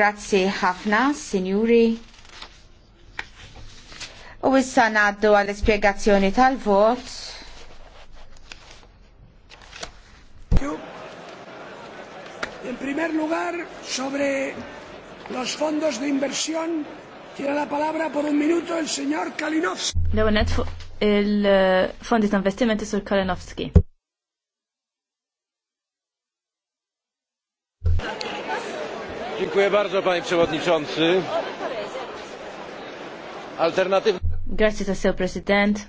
Grazzi ħafna, signori. U issa naddu għall ispiegazzjoni tal-vot. In primer lugar, sobre los fondos de inversión, tiene la palabra por un minuto el señor Kalinowski. Leonet, il-fondi ta' investimenti sur Kalinowski. Dziękuję bardzo, panie przewodniczący. Alternatywne. Grazie tassew, president.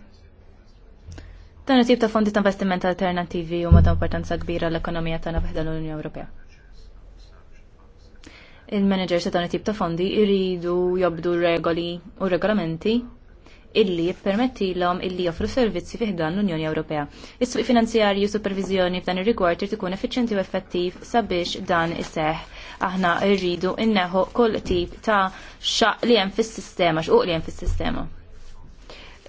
Dan it-tip ta' fondi ta' investiment alternativi huma ta' importanza kbira l-ekonomija tagħna fiħda l-Unjoni Ewropea. Il-managers ta' dan it-tip ta' fondi jridu jobdu regoli u regolamenti illi jippermetti l-om illi joffru servizzi dan l-Unjoni Ewropea. Is-suq finanzjarju supervizjoni f'dan ir-rigward irid ikun effiċjenti u effettiv sabiex dan iseħħ aħna rridu inneħu kull tip ta' xaq li hemm fis-sistema, xuq li hemm fis-sistema.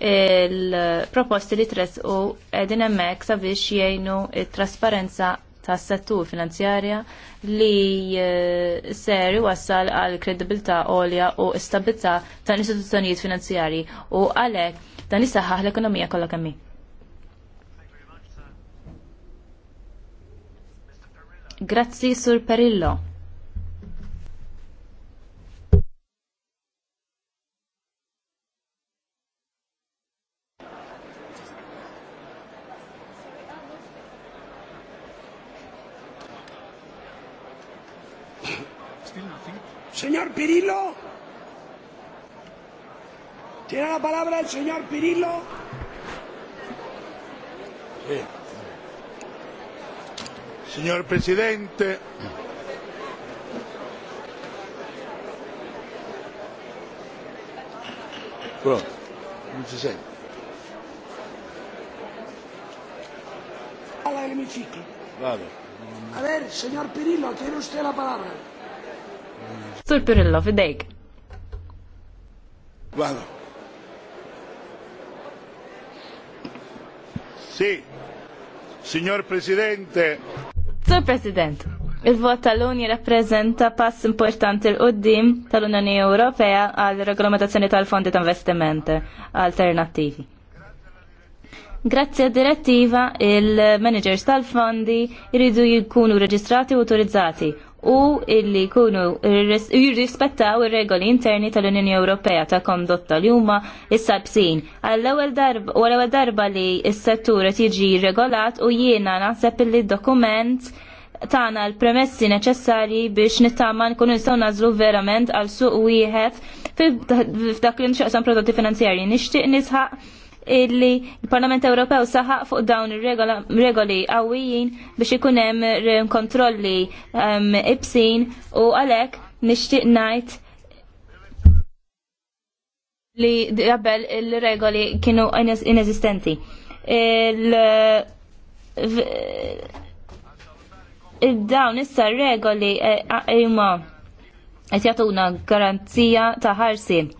Il-proposti li tresqu qegħdin hemmhekk sabiex jgħinu t-trasparenza tas settur finanzjarja li eh, seri wassal għal kredibilità għolja u stabilità tal-istituzzjonijiet finanzjarji u għalhekk dan isaħħaħ l-ekonomija kollha kemm hi. Grazzi Sur Perillo. Tiene la palabra el señor Pirillo. Sí. Señor presidente. Pronto, non si sente. Alla l'emiciclo. Vale. A ver, signor Pirillo, tiene usted la palabra. Sur Pirillo, fidejk. Vado. Vale. Sì, signor Presidente. Sur President, il-vot tal-Unji rappresenta pass importanti l-qoddim tal-Unjoni Ewropea għal regolamentazzjoni tal-fondi ta' investimenti alternattivi. Grazzi għad direttiva il-managers tal-fondi jridu jikunu reġistrati u autorizzati u illi kunu jirrispettaw ir-regoli interni tal-Unjoni Ewropea ta' kondotta li huma s-sabsin. għal ewwel darba u l-ewwel darba li s-settur qed jiġi regolat u jiena naħseb li dokument tagħna l-premessi neċessarji biex nittama nkunu nistgħu nazlu verament għal suq wieħed f'dak li nxaqsam prodotti finanzjarji. Nixtieq nisħaq illi il-Parlament Ewropew saħaq fuq dawn regoli għawijin biex ikun hemm kontrolli um, ibsin u għalhekk nixtieq ngħid li qabel il-regoli kienu inesistenti. Il dawn issa regoli eh, imma qed jagħtuna garanzija ta' ħarsien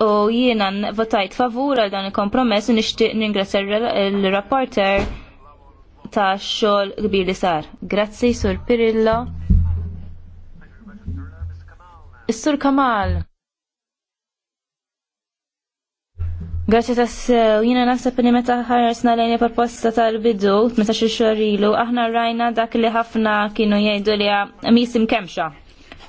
u jiena votajt favur għal dan il-kompromess u nixtieq ningrazzja l rapporter ta' xogħol kbir li sar. Grazzi Sur Pirillo. sur Kamal. s-sew, jina naħseb li meta ħarsna lejn proposta tal-bidu, meta xi xorilu, aħna rajna dak li ħafna kienu jajdu li misim kemxa.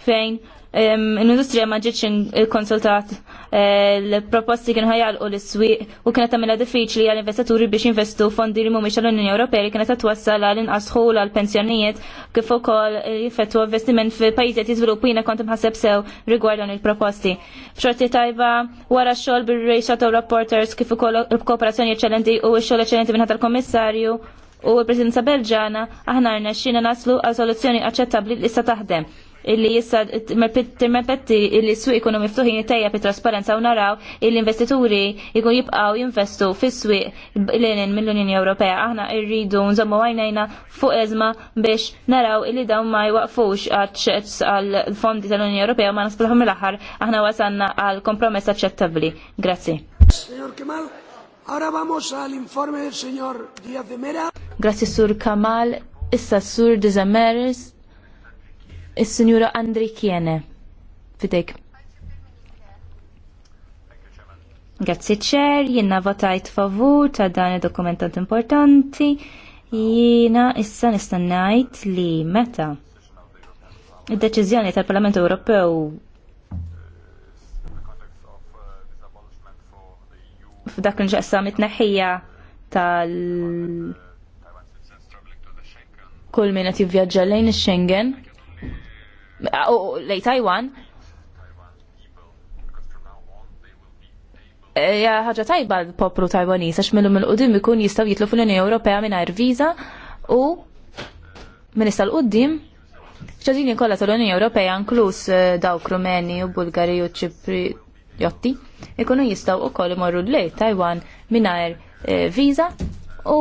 Fejn l-industrija ma ġietx konsultat eh, l-proposti kienu u l-iswiq u kienet tagħmilha diffiċli għall investaturi biex investu fondi li mumiex għall-Unjoni Ewropea li kienet għatwassal għal inqas ħul għal pensjonijiet kif ukoll jiffettwa investiment fi pajjiżiet jiżviluppu jiena kont imħasseb sew rigward il-proposti. F'xorti tajba wara x-xogħol bir-Race Shadow Reporters kif ukoll kooperazzjoni eċċellenti u x-xogħol eċċellenti minn tal-Kommissarju u l-Presidenza Belġana aħna rna xina naslu għal soluzzjoni aċċettabbli li issa taħdem illi jissa timmepetti illi s-suq ikunu miftuħin tajja fi trasparenza u naraw illi investituri ikun jibqaw jinvestu fi s-suq l-enin mill-Unjoni Ewropea. Aħna irridu nżommu għajnejna fuq ezma biex naraw illi dawn ma jwaqfux għadċets għal-fondi tal-Unjoni Ewropea ma nasbulħu mill-axar aħna wasanna għal-kompromess aċċettabli. Grazzi. Signor Kemal, ora vamos al-informe del signor Diaz de Mera. Grazzi Sur Kamal, issa Sur Dizameres is signora Andri Kiene. Fidek. Grazzi ċer, jenna votajt favur ta' dan il-dokumentant importanti, jina issa nistannajt li meta il-deċizjoni tal-Parlament Ewropew f'dak l ġaqsam it-naħija tal- kull qed jivvjaġġa lejn ix-Schengen Ah, oh, oh, lej Taiwan eh, ja ħaġa tajba l-poplu Taiwanese għax minnhom l qudiem ikun jistaw jitlu fl-Unjoni Ewropea minna viża u minn issa l-qudiem ċaġini kolla tal-Unjoni Ewropea inkluż eh, dawk Rumeni u Bulgari u Ċipriotti ikunu jistgħu wkoll imorru lej Taiwan minna eh, viża u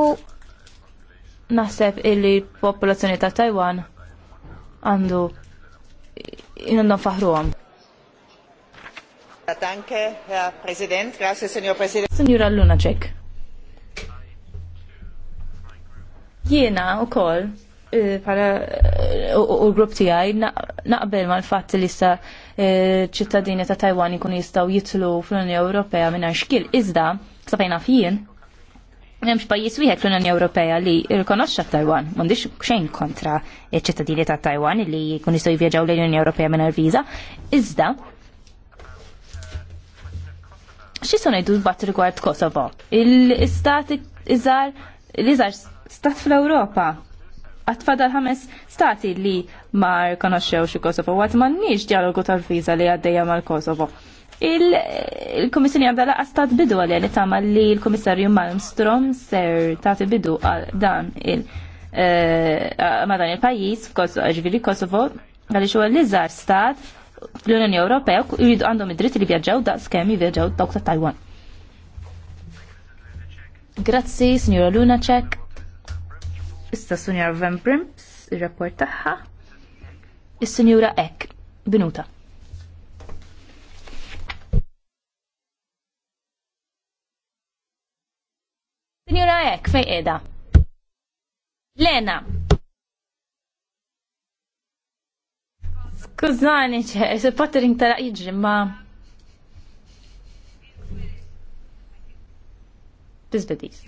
naħseb illi popolazzjoni ta' Taiwan għandu inna faħruhom. Danke, Herr Präsident. Grazie, Signor Präsident. Signora Lunacek. Jena u koll, eh, eh, u grupp għaj, naqbel ma l-fat li sta eh, ċittadini ta' Taiwan ikun jistaw jitlu fl-Unjoni Ewropea minna xkil. Iżda, sabajna fijen, Nemx pajis wieħed fl-Unjoni Ewropea li rikonoxxa Taiwan, m'għandix xejn kontra ċ-ċittadini ta' Taiwan li jkun jistgħu jivvjaġġaw l-Unjoni Ewropea mingħajr viża, iżda xi se ngħidu mbagħad rigward Kosovo? Il-istat iżgħar l-iżgħar stat fl-Ewropa għatfadal ħames stati li ma rkonoxxewx il-Kosovo, għat m'għandniex dialogu tal-viża li għaddejja mal-Kosovo il-Komissjoni għandha laqas ta' bidu għalli li tama li l-Komissarju Malmstrom ser ta' bidu għal dan il- eh, ma' dan il-pajis ġviri Kosovo għaliex huwa li żgħar stat l-Unjoni Ewropea jridu għandhom id-dritt li vjaġġaw da' skemi vjaġġaw dawk ta' Taiwan. Grazzi, signora Lunacek. Issa signora Van Brimps, il-rapport taħħa. Is-signora Ek, binuta. Vera ek fej edha. Lena. Skużani ċe, se pattering tara iġri ma. Bizbedis.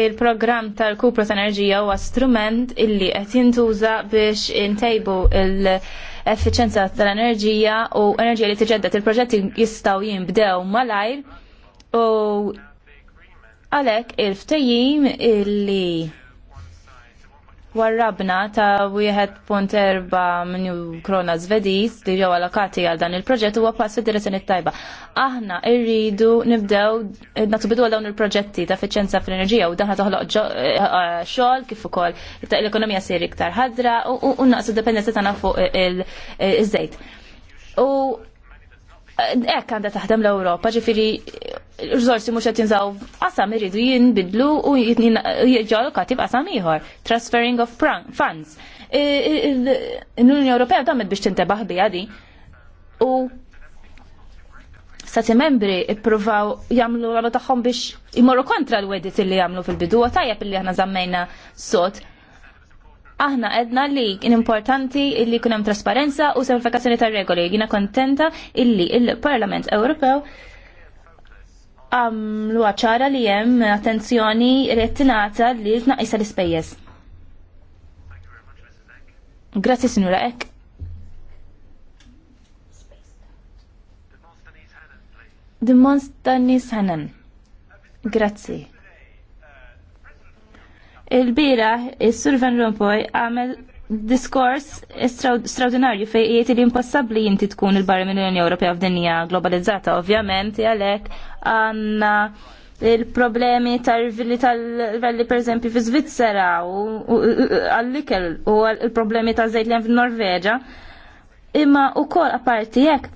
il-programm tal-kupra ta' enerġija huwa strument illi qed jintuża biex intejbu l-effiċenza tal-enerġija u enerġija li tiġeddet il-proġetti jistgħu jinbdew malajr U għalek il-ftajim illi warrabna ta' 1.4 minju krona zvediz li ġew allokati għal dan il-proġett huwa pass fid-direzzjoni tajba. Aħna rridu nibdew nagħtu bidu għal dawn il-proġetti ta' effiċjenza fl-enerġija u dan toħloq eh, eh, xogħol kif ukoll l-ekonomija sir iktar ħadra u naqsu dependenza tagħna fuq eh, iż-żejt. U hekk għandha taħdem l-Ewropa, ġifieri rizorsi mux għet jinżaw qasam irridu jinbidlu u jieġalu lokati b'qasam iħor. Transferring of funds. L-Unjoni Ewropea damet biex tintebaħ bija di. U stati membri ippruvaw jamlu għalu taħħom biex imorru kontra l-wedit li jamlu fil-bidu. tajjeb illi aħna zammejna sot aħna edna li importanti illi kunem trasparenza u semplifikazzjoni tar regoli. Jina kontenta illi il-Parlament Ewropew għamlu ċara li hemm attenzjoni rettinata li tnaqqisa l-ispejjeż. Grazzi signora, ek. Dimonstanis Hanan. Grazzi. Il-bira, il-Sur Van Rompuy għamel diskors straordinarju fej jieti li impossabli jinti tkun il-barra mill-Unjoni Ewropea f'dinja globalizzata, ovvjament, għalek għanna il-problemi tal-villi tal villi per eżempju fi Svizzera u għall-ikel u il-problemi ta' zejt li fil-Norveġa. Imma u kol apparti jek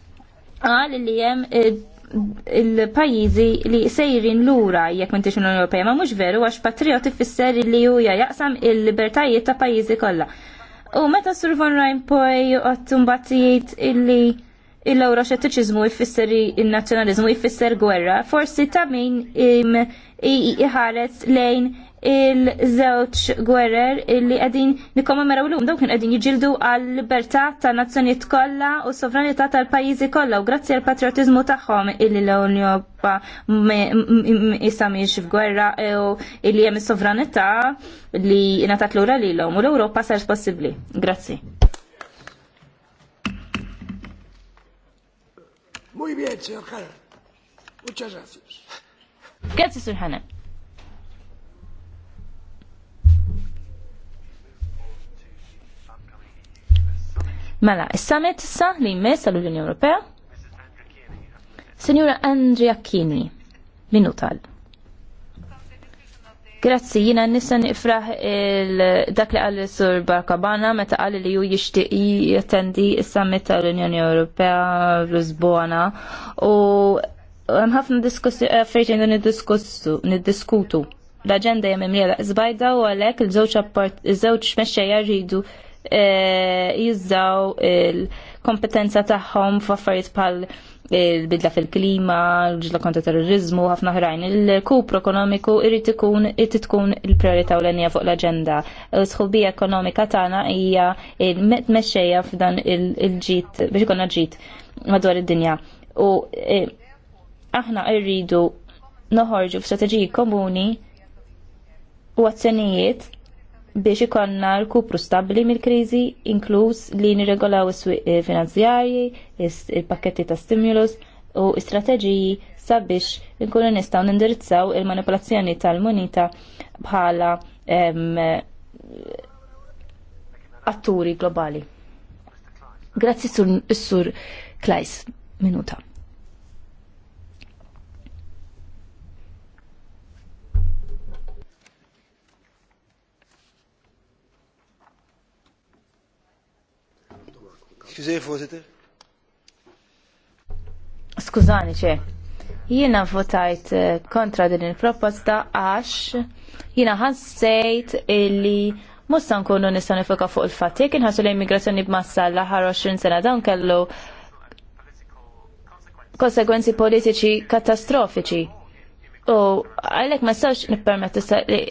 għal li jem il-pajizi li sejrin l-ura jekk mintix l-Unjoni Ewropea, ma mhux veru għax patrioti fisser li ju jaqsam il-libertajiet ta' pajizi kollha. U meta Sur Van Rijnpoj għattum battijiet illi il-lawra xettiċizmu jfisser il-nazjonalizmu jfisser gwerra, forsi ta' min iħalet lejn il-żewġ gwerer illi qegħdin nikkommemoraw lum dawk kien qegħdin jiġildu għal libertà ta' nazzjonijiet kollha u sovranità tal-pajjiżi kollha u grazzi għal patriotizmu tagħhom illi l-Ewropa issa mhix f'gwerra u illi hemm is-sovranità li ngħatat lura lilhom u l-Ewropa sarx possibbli. Grazzi. Muy bien, señor Jara. Muchas gracias. Grazie, señor Hanna. Mela, is-summit issa li jmiss tal-Unjoni Ewropea. Signora Andrea Kini, Minutal. Grazzi, jina nissa nifraħ dak li għalli sur Barkabana meta għalli li ju jishtiq jattendi is-summit tal-Unjoni Ewropea l-Uzbona u hemm ħafna eh, diskussu nid niddiskutu. l agenda jemm imriela zbajda u għalhekk il-żewġ mexxejja jarridu Eh, jizzaw il-kompetenza tagħhom f'affarijiet bħal il-bidla fil-klima, l-ġla kontra terrorizmu, ħafna ħrajn. Il-kupru ekonomiku irrid ikun irrid tkun il-priorità u l enja fuq l-aġenda. Sħubija ekonomika tagħna hija mexxejja f'dan il-ġit biex ikolna ġit madwar id-dinja. U e, aħna rridu noħorġu f'strateġiji komuni u azzjonijiet biex ikonna l-kupru stabli mill-krizi, inkluż li nirregolaw is-swieq eh, finanzjarji, il-pakketti ta' stimulus u strateġiji sabiex nkunu nistgħu nindirizzaw il-manipolazzjoni tal munita bħala atturi globali. Grazzi sur Klajs, minuta. Xizej, voorzitter? Skużani, ċe. Jiena votajt eh, kontra din il-proposta għax jiena ħassejt illi mustan nkunu nista' nifoka fuq il fatti jekk inħassu l-immigrazzjoni b'massa l-aħħar 20 sena dawn kellu konsegwenzi politiċi katastrofiċi U għalek ma sawx nippermettu,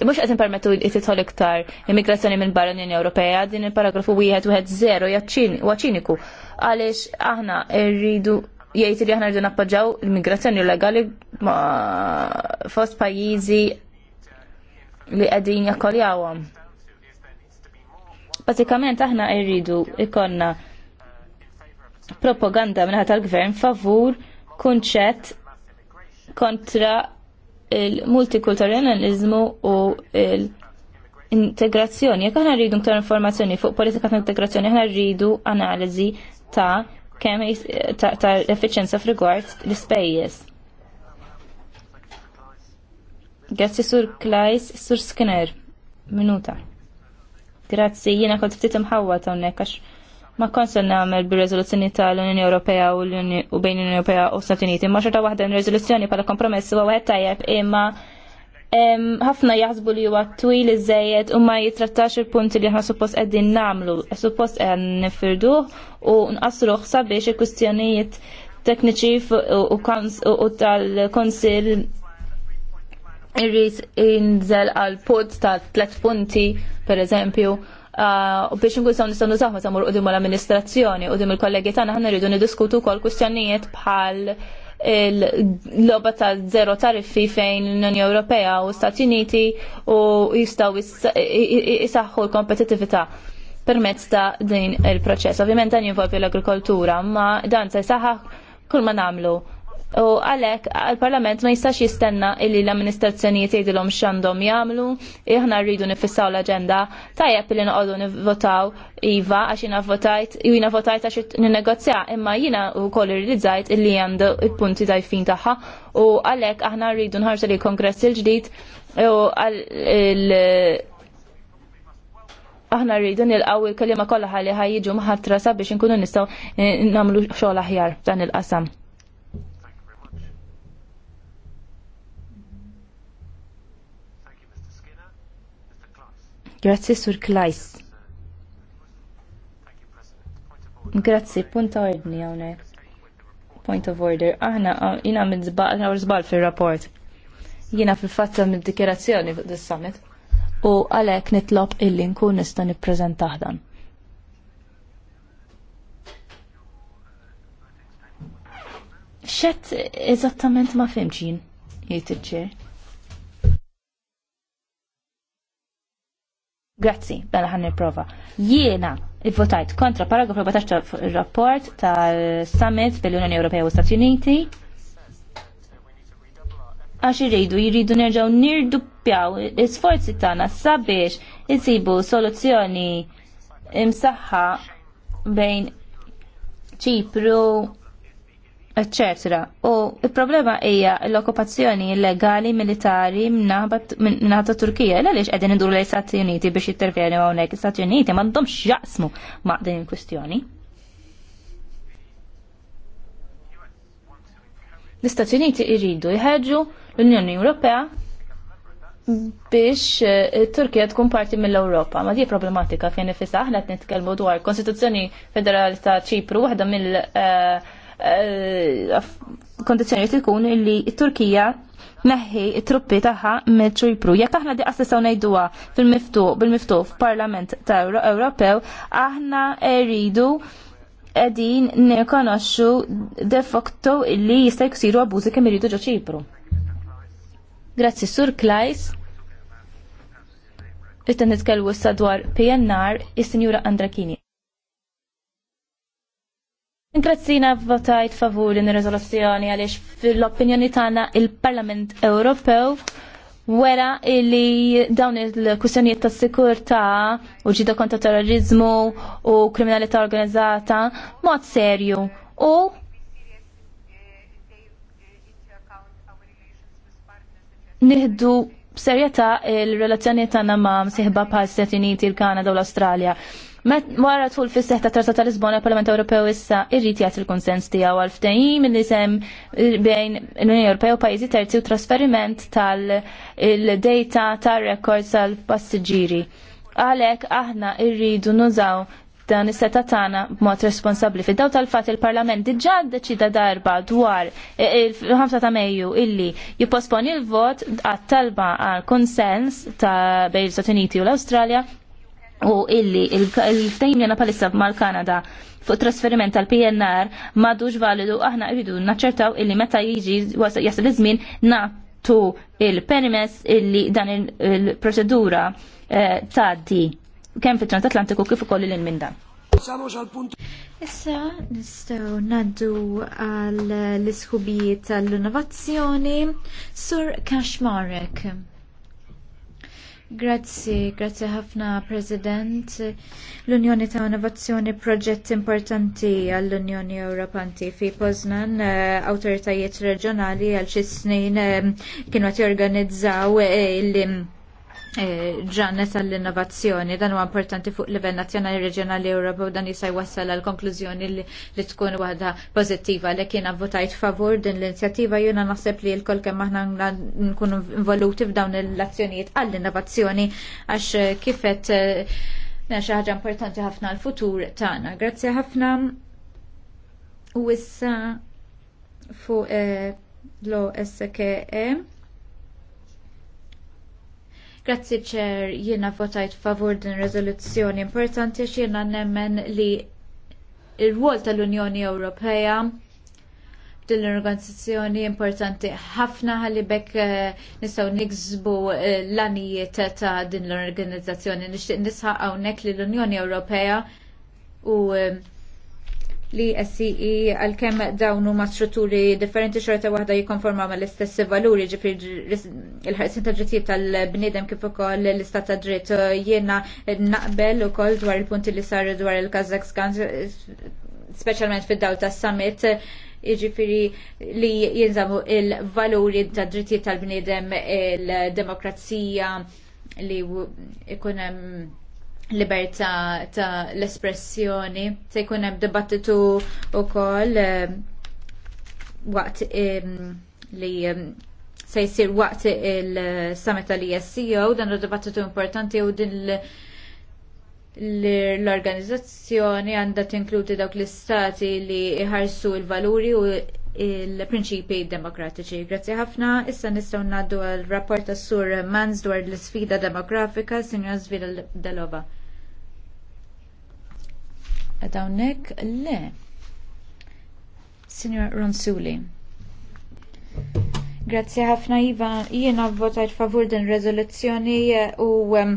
mux għet nippermettu jtitħol iktar immigrazzjoni minn barra l-Unjoni Ewropea, din il-paragrafu 1-1-0 jaċiniku. Għalix aħna rridu jgħid li aħna rridu nappoġġaw l-immigrazzjoni illegali ma fost pajjiżi li qegħdin jakkoljawhom. Bażikament aħna rridu ikonna propaganda minħat tal-gvern favur kunċett kontra il-multikulturalizmu u il- integrazzjoni. Jekk aħna rridu nktar informazzjoni fuq politika ta' integrazzjoni, aħna rridu analiżi ta' kemm ta' efficienza f'rigward l-ispejjeż. Grazzi sur Klajs, sur Skinner. Minuta. Grazzi, jiena kont ftit imħawwa ta' hawnhekk għax ma konsen namel nagħmel bir-reżoluzzjoni tal-Unjoni Ewropea u bejn l-Unjoni Ewropea u Stati Uniti, ma xorta waħda n rezoluzzjoni bħala kompromess huwa wieħed tajjeb imma ħafna jaħsbu li huwa twil iż żejjed u ma jitrattax il-punti li aħna suppost qegħdin nagħmlu, suppost qed nifirduh u nqasruh sabiex il-kwistjonijiet tekniċi u tal kunsill irrid inżel għal pod ta' tlet punti, per eżempju, u biex nkun saw nistgħu nużaw meta mor qudiem mal-amministrazzjoni qudiem il-kollegi tagħna ħanna rridu niddiskutu wkoll kwistjonijiet bħal il-loba ta' zero tariffi fejn l-Unjoni Ewropea u Stati Uniti u jistgħu jisaħħu l-kompetitività permezz ta' din il-proċess. Ovvjament dan jinvolvi l-agrikoltura, ma dan se jsaħħaħ kull ma nagħmlu U għalek, għal-parlament ma jistax jistenna illi l-amministrazzjonijiet jgħidilhom x'għandhom jagħmlu, aħna rridu nifissaw l-aġenda, tajjeb li noqogħdu nivvotaw iva għax jina votajt, u votajt għax n-negozja, imma jiena wkoll irridizzajt illi għandu il-punti tajfin tagħha u għalek aħna rridu nħarsu li kongress il-ġdid u għal aħna rridu nilqgħu il-kelima kollha li ħajjiġu maħatra sabiex inkunu nistgħu nagħmlu xogħol aħjar dan il-qasam. Grazzi sur Klajs. Grazzi, punta ordni għonek. Point of order. Aħna, jina minn zbal fil-rapport. Jina fil-fatta minn dikjerazzjoni fuq dis-summit. U għalek nitlob illi nkun nista' nippreżentah dan. Xett eżattament ma fimxin, jgħid iċ-ċer. Grazzi, bella ħan nipprova. Jiena votajt kontra paragraf 14 tal-rapport tal-Summit bil-Unjoni Ewropea u Stati Uniti għax rridu jridu nerġaw nirduppjaw l-isforzi tagħna sabiex insibu soluzzjoni imsaħħa bejn Ċipru, etc. U il-problema hija l-okkupazzjoni illegali militari minnaħta Turkija. Għaliex qegħdin iduru l-Istati Uniti biex jittervjeni hawnhekk l-Istati Uniti m'għandhomx jaqsmu ma' din il-kwistjoni. L-Istati Uniti jridu jħeġġu l-Unjoni Ewropea biex eh, Turkija tkun parti mill-Ewropa. Ma di problematika fejn ifisa aħna qed nitkellmu dwar Konstituzzjoni Federali ta' Ċipru waħda mill- uh, Eh, kondizjoniet tkun li Turkija neħi truppi taħħa mill ċipru Jekk aħna di saw najduwa fil-miftuq, bil-miftuq f'Parlament ta' Ewropew, aħna eridu edin nikonoxxu de facto li jista' jsiru abbużi kemm iridu ġo ċipru. Grazzi Sur Klajs. Itta nitkellmu issa dwar PNR is-Sinjura Andrakini. Ingrazzina votajt favur din ir-riżoluzzjoni għaliex fil-opinjoni tagħna il-Parlament Ewropew wera li dawn il-kwistjonijiet ta' sikurtà u ġida konta terrorizmu u kriminalità organizzata mod serju u nieħdu b'serjetà il-relazzjoni tagħna ma' msieħba bħal Stati Uniti, il-Kanada u l-Awstralja. Met Wara tul fis seħta tarta tal-Lisbona, il-Parlament Ewropew issa irrid jagħti il-konsens tiegħu għal ftehim li sem bejn l-Unjoni Ewropea u pajjiżi terzi u trasferiment tal-data tar-records tal-passiġġieri. Għalhekk aħna rridu nużaw dan is-seta tagħna b'mod responsabbli. Fid-daw tal-fatt il-Parlament diġà ddeċida darba dwar il-5 ta' Mejju illi jipposponi l-vot għat-talba għal konsens ta' bejn l-Stati Uniti u l-Awstralja u illi il-ftejm jena palissa mal-Kanada fuq trasferiment tal-PNR madux validu aħna rridu naċċertaw illi meta jiġi jasal iż-żmien natu il-permess illi dan il-proċedura eh, tgħaddi kemm fit-Transatlantiku kif ukoll lil minn dan. Issa nistgħu naddu għall iskubijiet tal-innovazzjoni sur Kashmarek. Grazzi, grazzi ħafna President. L-Unjoni ta' Innovazzjoni proġett importanti għall-Unjoni Ewropanti fi Poznan, eh, awtoritajiet reġjonali għal xi snin eh, kienu qed jorganizzaw il- Eh, ġannet għall-innovazzjoni, dan huwa importanti fuq livell nazzjonali, reġjonali, Ewropew, dan jista' jwassal għal konklużjoni li tkun waħda pożittiva li kien avvotajt favur din l-inizjattiva jiena naħseb li l-kol kemm aħna nkunu involuti f'dawn l-azzjonijiet għall-innovazzjoni għax eh, kifet eh, xi ħaġa importanti ħafna għall-futur tagħna. Grazzi ħafna u issa fuq l-OSKE. Grazzi ċer, jiena votajt favur din rezoluzzjoni importanti għax jiena nemmen li il-wol tal-Unjoni Ewropea din l-organizzazzjoni importanti ħafna għalli bekk eh, nistgħu niksbu eh, l-anijiet ta' din l-organizzazzjoni. Nixtieq nisħaq hawnhekk li l-Unjoni Ewropea u eh, li SCE għal-kem dawnu ma' strutturi differenti xorta wahda jikonforma ma' l-istess valuri ġifir il-ħarsin ta' ġittijiet tal-bnidem kif ukoll l-istat ta' dritt jiena naqbel ukoll dwar il-punti li saru dwar il-Kazakstan specialment fid-dawl ta' summit iġifiri li jinżamu il-valuri ta' drittijiet tal-bnidem il-demokrazija li ikunem libertà ta' l-espressjoni se jkun hemm dibattitu wkoll eh, waqt eh, li eh, se jsir waqt il-summit tal isco dan dibattitu importanti u din l-organizzazzjoni għandha tinkludi dawk l-istati li jħarsu l valuri u il-prinċipi demokratiċi. Grazzi ħafna, issa nistgħu ngħaddu għal rapport tas-sur Mans dwar l-sfida demografika, Sinjor Zvila Delova. Dawnek le. Signor Ronsuli. Grazie ħafna Iva, jiena votajt favur din rezoluzzjoni u um,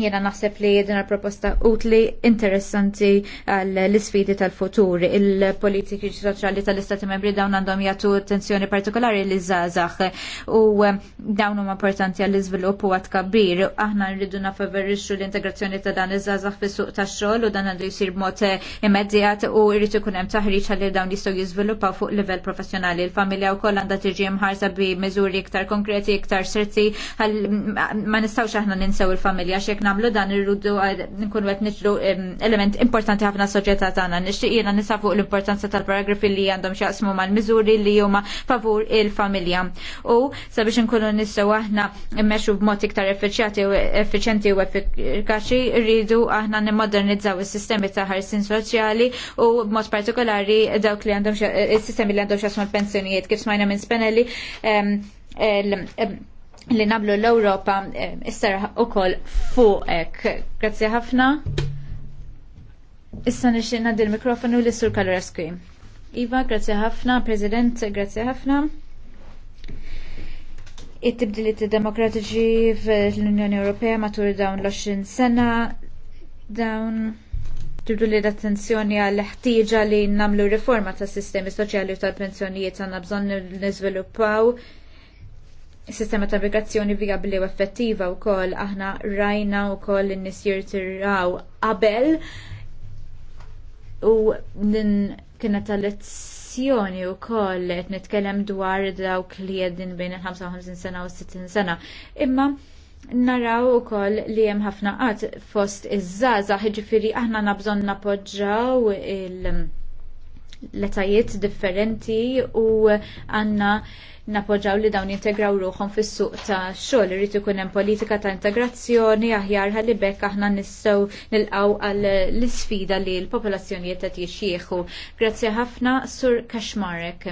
Jena naħseb li din proposta utli interessanti għall isfidi tal-futur. Il-politiki soċjali tal-Istati Membri dawn għandhom jagħtu attenzjoni partikolari li żgħażagħ u eh, dawn huma importanti għall iżvilupp u għad kabir. Aħna nridu nafavorixxu l-integrazzjoni ta' dan iż-żgħażagħ fis-suq tax-xogħol u dan għandu jsir b'mod eh, immedjat u jrid ikun hemm taħriġ għalli dawn jistgħu jiżviluppaw fuq livell professjonali. Il-familja wkoll għandha tiġi mħarsa bi miżuri iktar konkreti, iktar serti, ma nistgħux aħna ninsew il-familja x'jekk namlu nagħmlu dan irridu eh, nkunu qed niġru element importanti ħafna soċjetà tagħna. Nixtieq jiena nisa fuq l-importanza tal-paragrafi li għandhom x'jaqsmu mal-miżuri li huma favur il-familja. U sabiex inkunu nistgħu aħna mmexxu b'mod iktar effiċjati u effiċjenti u effikaċi rridu aħna nimmodernizzaw is-sistemi ta' ħarsin soċjali u b'mod partikolari dawk li għandhom eh, is-sistemi li għandhom x'jaqsmu l-pensjonijiet kif smajna minn Spenelli li nablu l-Europa eh, isser u kol fuqek. Grazie ħafna. Issa nixin naddi l-mikrofonu li sur Kaloreski. Iva, grazie ħafna, President, grazie ħafna. It-tibdiliet demokratiċi fl-Unjoni Ewropea matul dawn l-20 sena dawn tibdu li attenzjoni għall ħtieġa li namlu riforma tas sistemi soċjali u tal-pensjonijiet għandna bżonn nizviluppaw sistema ta' navigazzjoni viabli u effettiva u aħna rajna u koll n-nis jirtiraw qabel u din kiena tal-lezzjoni u koll qed nitkellem dwar dawk li jedin bejn il-55 sena u 60 sena. Imma naraw u li jem ħafna qatt fost iż-żaza ħiġifiri aħna nabżon napoġġaw il- letajiet differenti u għanna napoġaw li dawn jintegraw ruħom fis-suq ta' xogħol irid ikun hemm politika ta' integrazzjoni aħjar ħalli bekk aħna nistgħu nilqgħu għal l-isfida li l-popolazzjonijiet qed jixjieħu. Grazzi ħafna Sur Kaxmarek.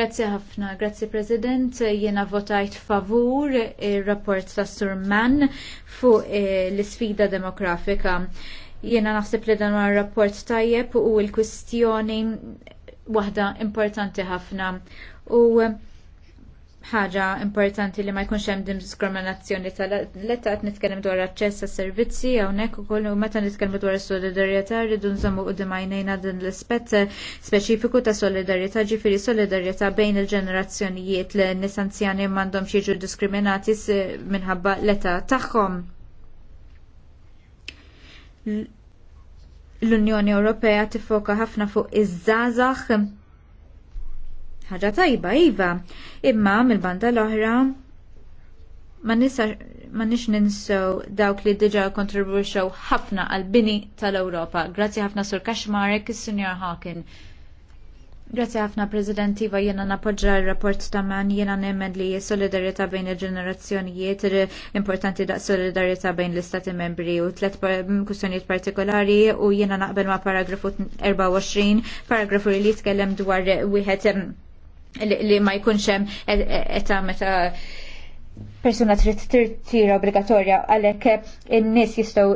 Grazzi ħafna, grazzi President, Jiena votajt favur il rapport ta' Sur Mann fuq eh, l isfida demografika. Jiena naħseb li dan rapport tajjeb u l-kwistjoni waħda importanti ħafna u eh, ħaġa importanti li ma jkunx hemm diskriminazzjoni tal-età qed nitkellem dwar aċċess għas servizzi hawnhekk ukoll u meta nitkellmu dwar is-solidarjetà rridu nżommu qudiem għajnejna din l-ispett eh, speċifiku ta' solidarjetà ġifieri solidarjetà bejn il-ġenerazzjonijiet li nies anzjani m'għandhomx jiġu diskriminati minħabba l-età tagħhom l-Unjoni Ewropea tifoka ħafna fuq iż żgħażagħ ħaġa tajba iva, imma mill-banda l-oħra ma nix ninsew dawk li diġa kontribuxew ħafna għal-bini tal-Ewropa. Grazzi ħafna Sur Kashmarek, Sr. Hawking. Grazie ħafna President Iva jena napoġġa il-rapport ta' man jena nemmen li solidarieta bejn il-ġenerazzjonijiet importanti da' solidarieta bejn l-istati membri u tlet kustjoniet partikolari u jena naqbel ma' paragrafu 24 paragrafu li jitkellem dwar wieħed li ma' jkunx hemm e- e- meta persuna trid tirtira obbligatorja għalhekk in-nies jistgħu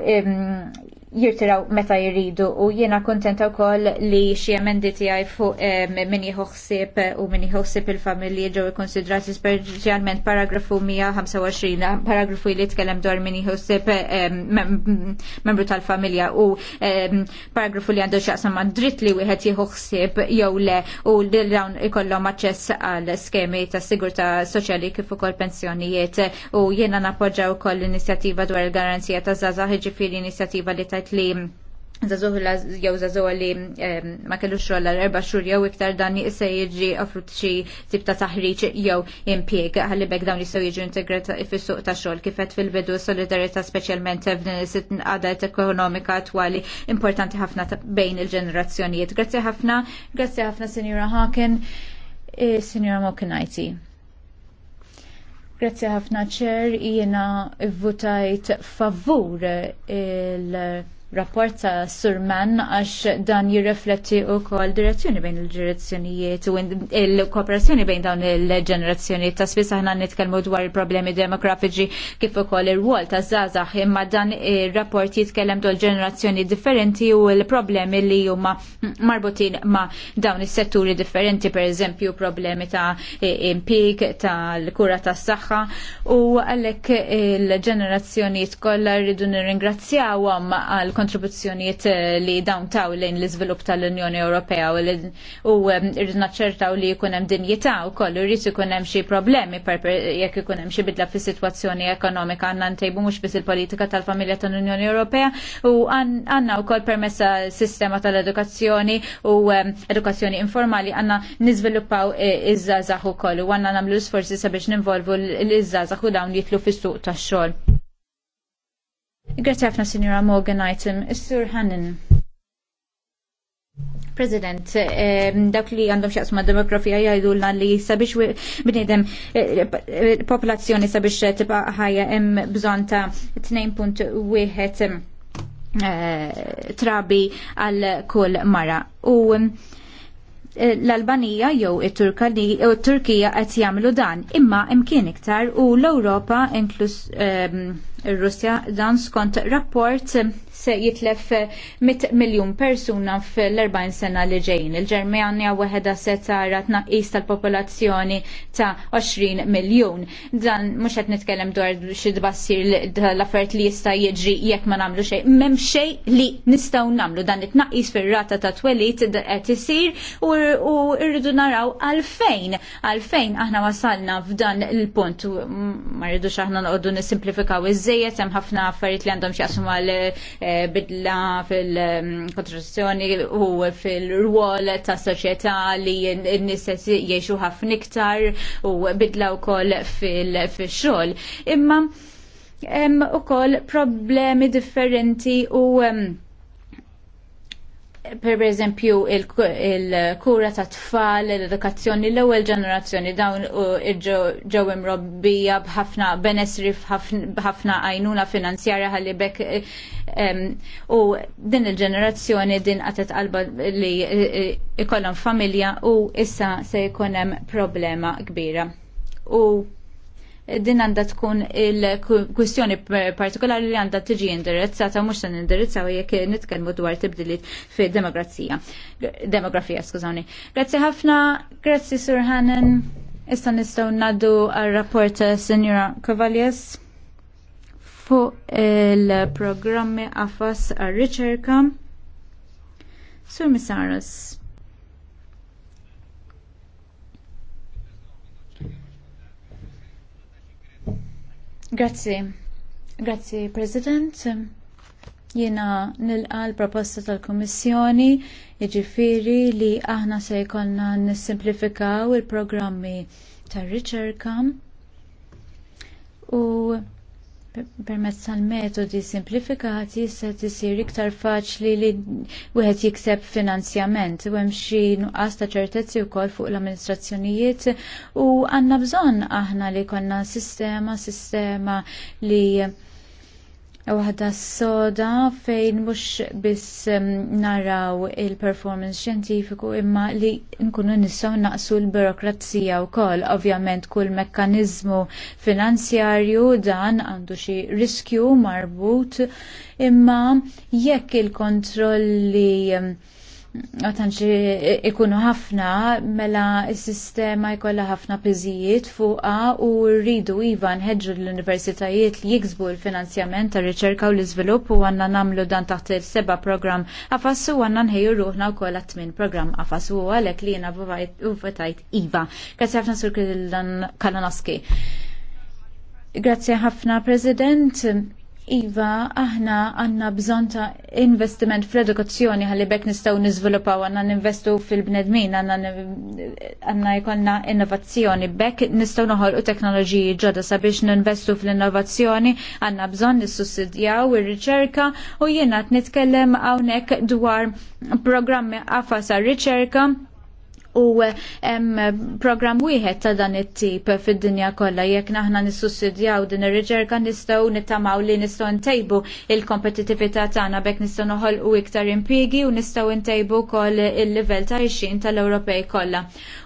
jirtiraw meta jiridu u jiena kontenta wkoll li xi emendi fuq eh, min jieħu ħsieb u min jieħu ħsieb il-familji ġew ikkonsidrati speċjalment paragrafu 125 paragrafu li tkellem dwar min jieħu ħsieb eh, membru tal-familja u eh, paragrafu li għandu x'jaqsam ma' dritt li wieħed jieħu ħsieb jew le u li dawn ikollhom aċċess għal skemi ta' sigurtà soċjali kif ukoll pensjonijiet u jiena nappoġġaw ukoll l-inizjattiva dwar il-garanzija ta' żgħażagħ ġifieri inizjattiva li ta' wieħed li Zazuh jew zazuh li ma kellux rolla l-erba xhur jew iktar dan jista' jiġi offrut xi tip ta' taħriġ jew impjeg ħalli bekk dawn jistgħu jiġu integrat fis-suq ta' xogħol kif qed fil-bidu solidarità speċjalment f'din is-sitqadet ekonomika twali importanti ħafna bejn il-ġenerazzjonijiet. Grazzi ħafna, grazzi ħafna Sinjura Haken, eh, Sinjura Mokinajti. Grazie ħafna ċer, jiena votajt favur il- rapport ta' Surman għax dan jirrefletti u kol direzzjoni bejn il-ġerazzjonijiet u il-kooperazzjoni bejn dawn il-ġenerazzjoni ta' spiss aħna nitkellmu dwar il-problemi demografiċi kif ukoll ir-rwol ta' Zazax imma dan ir-rapport jitkellem dwar ġenerazzjoni differenti u l-problemi li huma marbutin ma' dawn is-setturi differenti pereżempju problemi ta' impik, ta' l-kura tas saħħa u għalhekk il-ġenerazzjonijiet kollha rridu nirringrazzjawhom għal kontribuzzjonijiet eh, li dawn taw lejn l-iżvilupp tal-Unjoni Ewropea u rrid naċċertaw li jkun hemm dinjità wkoll irrid ikun hemm xi problemi jekk ikun hemm xi bidla fis-sitwazzjoni ekonomika għandna ntejbu mhux biss il-politika tal-familja tal-Unjoni Ewropea u għandna wkoll permessa sistema tal-edukazzjoni u edukazzjoni informali għandna niżviluppaw e, iż-żgħażagħ ukoll u għandna nagħmlu sforzi sabiex ninvolvu l-iż-żgħażagħ u dawn jitlu fis-suq tax-xogħol. Grazie Signora Morgan Item, Sir sur President, eh, dawk li għandhom ma' demografija jajdu l li sabiex bnidem eh, eh, popolazzjoni sabiex tibqa ħajja hemm bżonn ta' 2.1 trabi għal kull mara. U l-Albanija jew it-Turkija qed jagħmlu dan, imma imkien iktar u l-Ewropa inkluż ehm, ir-Russja dan skont rapport se jitlef 100 miljun persuna fl-40 sena li ġejjin. Il-Ġermanja weħeda se tara tnaqqis tal-popolazzjoni ta' 20 miljun. Dan mhux qed nitkellem dwar xi tbassir l-affarijiet li jista' jiġri jekk ma nagħmlu xejn. M'hemm xejn li nistgħu nagħmlu dan it-tnaqqis fir-rata ta' twelit qed isir u rridu naraw għalfejn għalfejn aħna wasalna f'dan il-punt ma rridux aħna noqogħdu nisimplifikaw iż-żejjed hemm ħafna affarijiet li għandhom x'jaqsmu għal e, bidla fil-kontrazzjoni u fil ruol ta' soċjetà li n-nies jgħixu ħafna iktar u bidla wkoll fil xol Imma u kol problemi differenti u um, per eżempju il-kura ta' tfal, l-edukazzjoni, l-ewwel ġenerazzjoni dawn ġew imrobbija b'ħafna benessri b'ħafna għajnuna finanzjarja ħalli bekk u din il-ġenerazzjoni din qatet qalba li e, e, ikollhom familja u issa se jkun hemm problema kbira. U din għandha tkun il-kwistjoni partikolari li għandha tiġi indirizzata mhux se nindirizzaw jekk nitkellmu dwar tibdiliet fi demokrazija Demografija, skużawni. Grazzi ħafna, grazie Sur Hannan. Issa nistgħu ngħaddu għar-rapport eh, Senjora Cavaliers fuq il-programmi AFAS għar-riċerka. Sur Misaras. Grazzi. Grazie, President. Jiena nilqa l-proposta tal-Komissjoni jiġifieri li aħna se jkollna nissimplifikaw il-programmi tar-riċerka u permezz tal-metodi simplifikati se tisir iktar faċli li wieħed jikseb finanzjament u hemm xi nuqqas ta' ċertezzi wkoll fuq l-amministrazzjonijiet u għandna bżonn aħna li konna sistema sistema li waħda s-soda fejn mhux biss naraw il-performance xjentifiku imma li nkunu nistgħu naqsu l-birokrazija wkoll. Ovvjament kull mekkaniżmu finanzjarju dan għandu xi riskju marbut imma jekk il-kontrolli għatanċi ikunu ħafna mela s-sistema jkolla ħafna piżijiet fuqa u rridu iva nħedġu l-universitajiet li jiksbu l-finanzjament ta' riċerka u l-iżvilupp u għanna namlu dan taħt il-seba program għafassu u għanna nħejju ruħna u t-min program għafassu u għalek li jena u fatajt iva. Grazie ħafna sur kalanaski. Grazie ħafna, President. Iva, aħna għanna bżon ta' investiment fl-edukazzjoni għalli bekk nistaw nizvilupaw għanna ninvestu fil-bnedmin, għanna jkollna innovazzjoni, bekk nistaw noħol u teknoloġiji ġodda sabiex ninvestu fl-innovazzjoni, għanna bżon nissussidjaw ir-riċerka u jiena t-nitkellem għawnek dwar programmi għafas għal-riċerka u hemm programm wieħed ta' dan it-tip fid-dinja kollha jekk naħna nissussidjaw din ir-riċerka nistgħu nittamaw li nistgħu ntejbu il kompetitività tagħna bekk nistgħu noħolqu iktar impjiegi u nistgħu ntejbu wkoll il-livell ta' ixin tal-Ewropej kollha.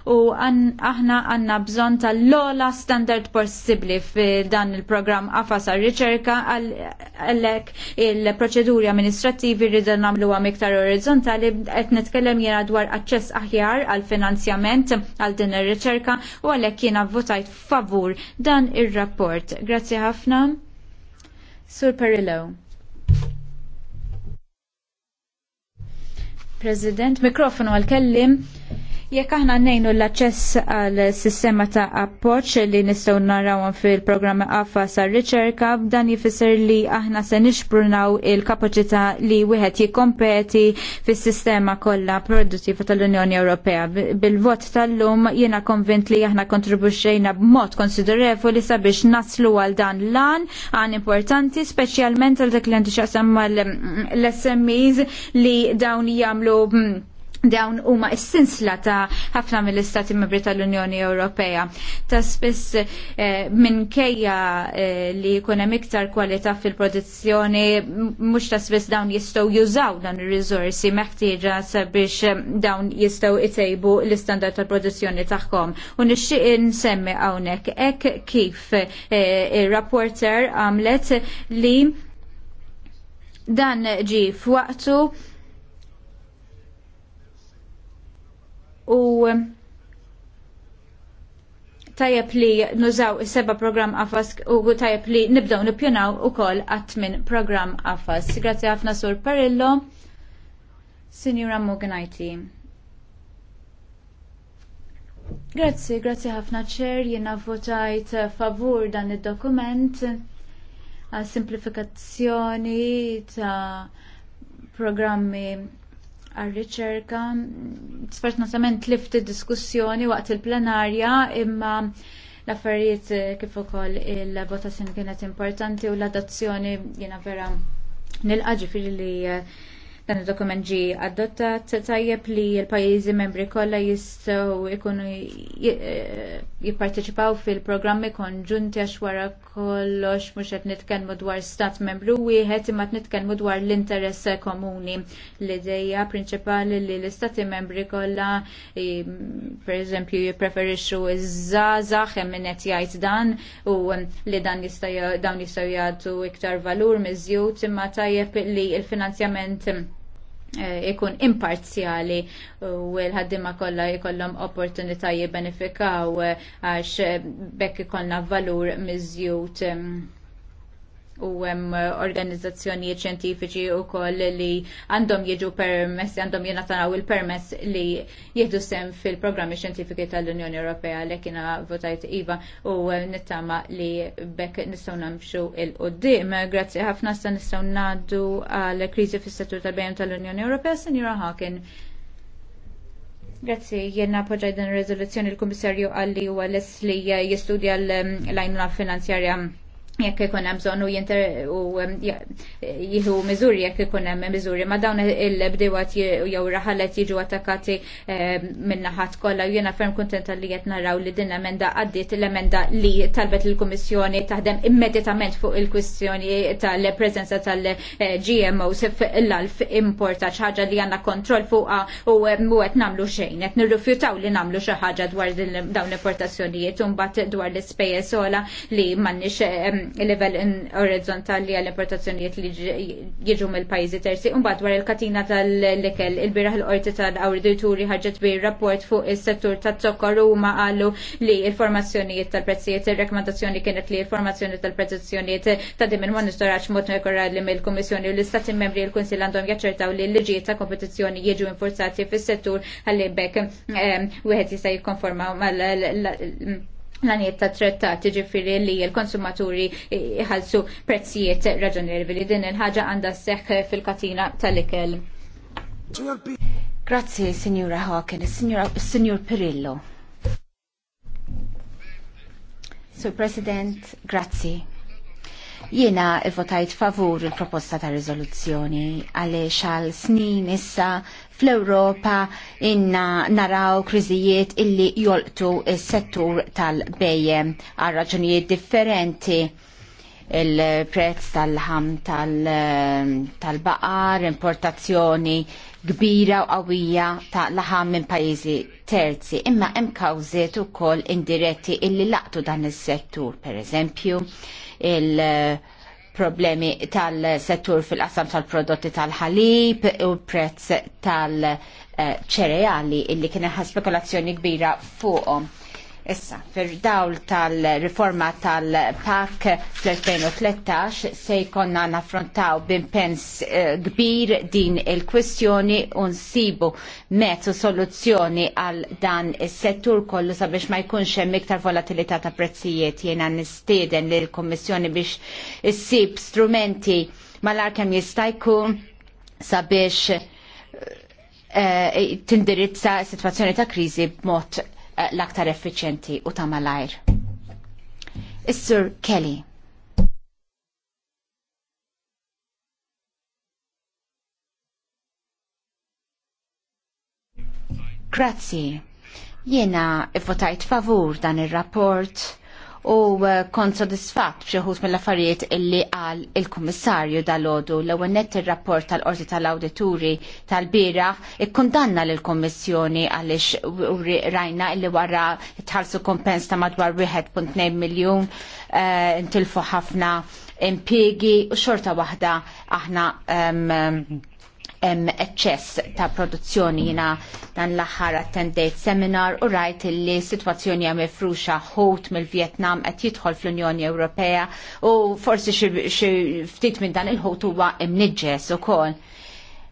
U aħna għandna bżonn tal logħla standard possibbli f'dan il-programm qafas għar-riċerka għalhekk il-proċeduri amministrattivi rridu nagħmluhom iktar orizzontali qed nitkellem jiena dwar aċċess aħjar għal finanzjament għal din ir-riċerka u għalhekk jiena votajt favur dan ir-rapport. Grazzi ħafna. Sur Perillo. President, mikrofonu għal-kellim. Jekk aħna nejnu l-aċċess għal sistema ta' appoġġ li nistgħu narawhom fil-programm AFA sar riċerka dan jfisser li aħna se nixprunaw il-kapaċità li wieħed jikkompeti fis-sistema kollha produttiva tal-Unjoni Ewropea. Bil-vot tal-lum jiena konvint li aħna kontribuxxejna b'mod konsiderevoli sabiex naslu għal dan lan għan importanti speċjalment għal dak li għandi xaqsam mal mm, l-SMEs li dawn jagħmlu mm, dawn huma s-sinsla ta' ħafna mill-Istati Membri tal-Unjoni Ewropea. Ta' spiss eh, minn kejja eh, li jkun hemm iktar kwalità fil-produzzjoni, mhux ta' spiss dawn jistgħu jużaw dan ir-riżorsi meħtieġa sabiex eh, dawn jistgħu itejbu l-istandard tal-produzzjoni tagħhom. U nixtieq nsemmi hawnhekk hekk kif eh, ir-rapporter għamlet li dan ġi f'waqtu Um, u tajjeb li nużaw seba programm afas u tajab li nibdew nippjunaw ukoll kol għatmin programm afas. Grazzi ħafna Sur Perillo, Sinjura Muganajti. Grazzi, grazie ħafna ċer, jena votajt favur dan il-dokument għal simplifikazzjoni ta' programmi għal-riċerka. Sfortunatament lift id-diskussjoni waqt il-plenarja imma l-affarijiet eh, kif ukoll il-votazzjoni kienet importanti u l-adozzjoni jiena vera nilqa' ġifieri li eh, Dan il-dokument ġi adottat tajjeb li l-pajjiżi membri kollha jistgħu jkunu eh, jipparteċipaw fil-programmi konġunti għax wara kollox mhux qed nitkellmu dwar stat membru wieħed imma qed nitkellmu dwar l-interess komuni. L-idea prinċipali li l-istati membri kollha pereżempju jippreferixxu iż-żgħażagħ hemm min qed jgħid dan u li dan dawn jistgħu jagħtu iktar valur miżjud imma tajjeb li l-finanzjament Eh, ikun imparzjali u l-ħaddima kollha jkollhom opportunità jibbenefikaw eh, għax eh, bekk ikollna valur miżjud u hemm uh, organizzazzjonijiet xjentifiċi wkoll li għandhom jiġu permess, għandhom jingħataw il-permess li jieħdu sem fil-programmi xjentifiki tal-Unjoni Ewropea li kiena votajt IVA u uh, nittama li bekk nistgħu namxu il-qoddim. Grazzi ħafna sta nistgħu ngħaddu għal kriżi fis-settur tal bejjem tal-Unjoni Ewropea, Senjura Hawken. Grazzi, jenna poġaj din il riżoluzzjoni l-Kummissarju għalli u għal-es li jistudja l lajnuna finanzjarja jekk ikun hemm bżonn u jinter u um, jieħu miżuri jekk ikun hemm miżuri ma dawn il-bdiewat jew raħalet jiġu attakati eh, minn naħat kollha u jiena ferm kuntenta li qed naraw li din l-emenda għaddiet l-emenda li talbet il-Kummissjoni taħdem immedjatament fuq il-kwistjoni tal-preżenza tal-GMOs l-alf xi ħaġa li għandna kontroll fuqha u eh, qed nagħmlu xejn qed nirrifjutaw li nagħmlu xi ħaġa dwar dawn l-importazzjonijiet u mbagħad dwar l-ispejjeż sola li m'għandniex eh, il-level orizzontali għall-importazzjonijiet li jiġu mill pajzi terzi. Imbagħad wara il-katina tal-lekel il-biraħ l-qorti tal-awdituri ħarġet bi rapport fuq is-settur tat-zokkor huma qalu li l-formazzjonijiet tal-prezzijiet ir-rekomandazzjoni kienet li l-formazzjoni tal-prezzijiet ta' dim il-monitoraġġ mod li mill-Kummissjoni u l-Istati membri l kunsil għandhom jaċċertaw li l-liġijiet ta' kompetizzjoni jiġu infurzati fis-settur għalli bekk wieħed jista' jikkonforma mal l-għaniet ta' trattat ġifiri li l-konsumaturi jħalsu prezzijiet raġonervili. Din il-ħagġa għanda seħ fil-katina tal-ikel. Grazie, signora Hawken, signor Perillo. Sur President, grazie. Jiena votajt favur il-proposta ta' rizoluzzjoni għaliex għal snin issa fl-Ewropa inna naraw kriżijiet illi jolqtu is-settur tal-bejjem għal raġunijiet differenti il-prezz tal-ħam tal-baqar, importazzjoni kbira u qawwija ta' laħam minn pajjiżi terzi, imma hemm kawżiet ukoll indiretti illi laqtu dan is-settur, pereżempju il- problemi tal-settur fil-qasam tal-prodotti tal-ħalib u prezz tal-ċereali eh, illi kien spekulazzjoni kbira fuqhom Issa, fir dawl tal-riforma tal-PAK fl-2013 se jkonna naffrontaw b'impens eh, kbir din il-kwestjoni u nsibu mezz u soluzzjoni għal dan is-settur kollu sabiex ma jkunx hemm iktar volatilità ta' prezzijiet jiena nistieden lil kummissjoni biex issib strumenti malar kemm jista' jkun sabiex eh, tindirizza s-sitwazzjoni ta' kriżi b'mod l-aktar effiċenti u ta' malajr. Is-Sur Kelly. Grazzi. Jena votajt favur dan ir rapport u eh, kont sodisfatt b'xi mill-affarijiet illi qal il-Kummissarju dal-għodu l ewwel il ir-rapport tal-Qorti tal-Awdituri tal-bieraħ ikkundanna lill kummissjoni għaliex rajna illi wara tħalsu kompens ta' madwar 1.2 miljun intilfu eh, ħafna impjiegi u xorta waħda aħna hemm eċċess ta' produzzjoni jina dan l-aħħar attendejt seminar u rajt li situazzjoni hija mifruxa ħut mill-Vjetnam qed jidħol fl-Unjoni Ewropea u forsi xi ftit minn dan il-ħut huwa imniġġes ukoll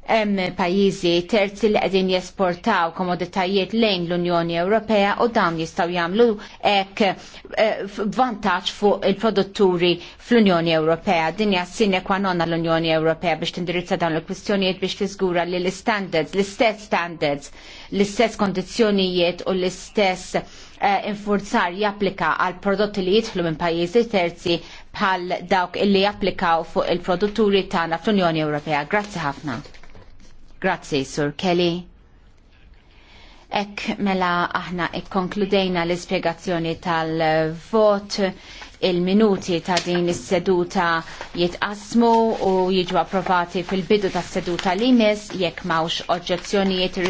hemm pajjiżi terzi li qegħdin jesportaw komoditajiet lejn l-Unjoni Ewropea u dawn jistgħu jagħmlu hekk eh, vantaġġ fuq il-produtturi fl-Unjoni Ewropea. Din hija sine qua non l-Unjoni Ewropea biex tindirizza dawn il-kwistjonijiet biex tiżgura li l-standards, l-istess standards, l-istess kondizzjonijiet u l-istess eh, infurzar japplika għal prodotti li jidħlu minn pajjiżi terzi bħal dawk illi japplikaw fuq il-produtturi tagħna fl-Unjoni Ewropea. Grazzi ħafna. Grazzi, Sur Kelly. Ek mela aħna ikkonkludejna l-ispiegazzjoni tal-vot il-minuti ta' din is-seduta jitqasmu u jiġu approvati fil-bidu tas-seduta l-imis jekk mawx oġġezzjonijiet